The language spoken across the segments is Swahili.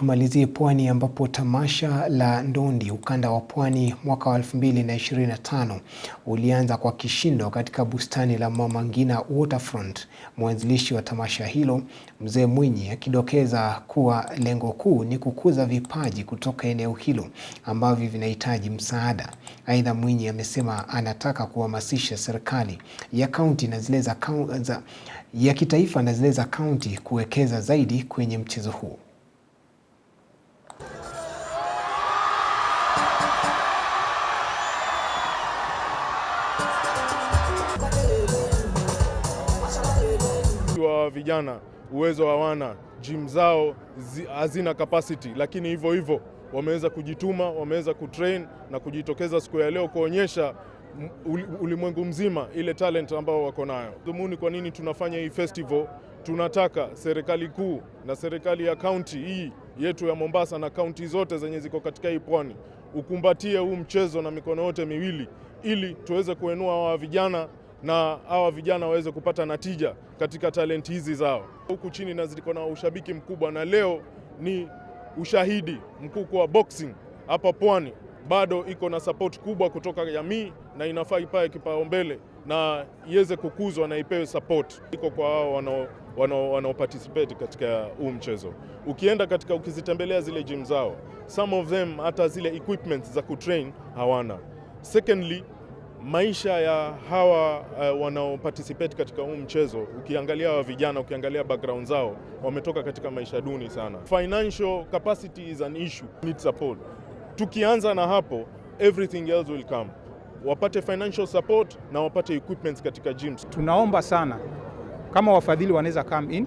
Tumalizie Pwani ambapo tamasha la ndondi ukanda wa Pwani mwaka wa 2025 ulianza kwa kishindo katika bustani la Mama Ngina Waterfront, mwanzilishi wa tamasha hilo Mzee Mwinyi akidokeza kuwa lengo kuu ni kukuza vipaji kutoka eneo hilo ambavyo vinahitaji msaada. Aidha, Mwinyi amesema anataka kuhamasisha serikali ya kaunti na zile za ya kitaifa na zile za kaunti kuwekeza zaidi kwenye mchezo huo. wa vijana, uwezo wana jim zao hazina capacity, lakini hivyo hivyo wameweza kujituma, wameweza kutrain na kujitokeza siku ya leo kuonyesha ulimwengu mzima ile talent ambao wako nayo. Dhumuni kwa nini tunafanya hii festival? Tunataka serikali kuu na serikali ya kaunti hii yetu ya Mombasa na kaunti zote zenye ziko katika hii pwani ukumbatie huu mchezo na mikono yote miwili, ili tuweze kuenua hawa vijana na hawa vijana waweze kupata natija katika talenti hizi zao. Huku chini na ziliko na ushabiki mkubwa, na leo ni ushahidi mkuu kwa boxing hapa Pwani bado iko na support kubwa kutoka jamii na inafaa ipae kipaumbele na iweze kukuzwa na ipewe support iko kwa hao wanao wanao participate katika huu mchezo. Ukienda katika ukizitembelea zile gym zao, some of them hata zile equipment za kutrain hawana. Secondly, maisha ya hawa uh, eh, wanaoparticipate katika huu mchezo, ukiangalia wa vijana, ukiangalia background zao, wametoka katika maisha duni sana. Financial capacity is an issue, need support. Tukianza na hapo, everything else will come. Wapate financial support na wapate equipments katika gyms. Tunaomba sana kama wafadhili wanaweza come in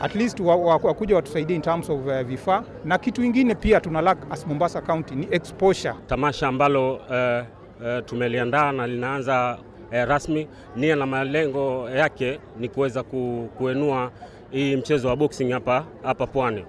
at least wakuja watusaidie in terms of uh, vifaa na kitu ingine pia tuna lack as Mombasa County ni exposure. Tamasha ambalo uh, e, tumeliandaa na linaanza e, rasmi. Nia na malengo yake ni kuweza ku, kuenua hii mchezo wa boxing hapa hapa Pwani.